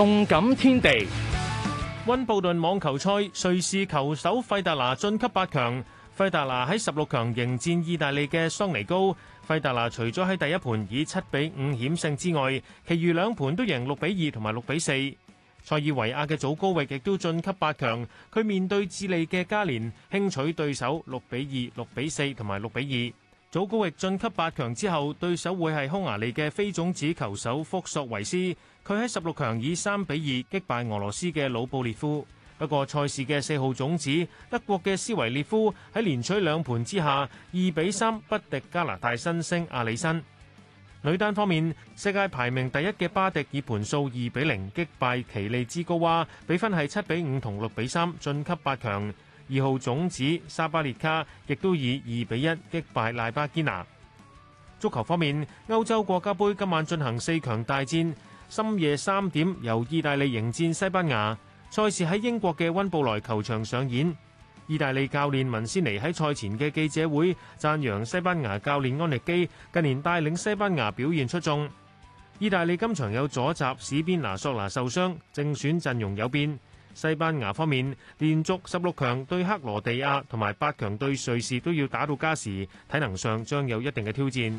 動感天地。溫布頓網球賽，瑞士球手費達拿晉級八強。費達拿喺十六強迎戰意大利嘅桑尼高。費達拿除咗喺第一盤以七比五險勝之外，其餘兩盤都贏六比二同埋六比四。塞爾維亞嘅祖高域亦都晉級八強。佢面對智利嘅加連輕取對手六比二、六比四同埋六比二。祖高域晉級八強之後，對手會係匈牙利嘅非種子球手福索維斯，佢喺十六強以三比二擊敗俄羅斯嘅魯布列夫。不過賽事嘅四號種子德國嘅斯維列夫喺連取兩盤之下，二比三不敵加拿大新星阿里辛。女單方面，世界排名第一嘅芭迪以盤數二比零擊敗奇利茲高娃，比分係七比五同六比三晉級八強。二號種子沙巴列卡亦都以二比一擊敗賴巴堅拿。足球方面，歐洲國家盃今晚進行四強大戰，深夜三點由意大利迎戰西班牙，賽事喺英國嘅溫布萊球場上演。意大利教練文斯尼喺賽前嘅記者會讚揚西班牙教練安力基近年帶領西班牙表現出眾。意大利今場有左閘史邊拿索拿受傷，正選陣容有變。西班牙方面，連續十六強對克羅地亞同埋八強對瑞士都要打到加時，體能上將有一定嘅挑戰。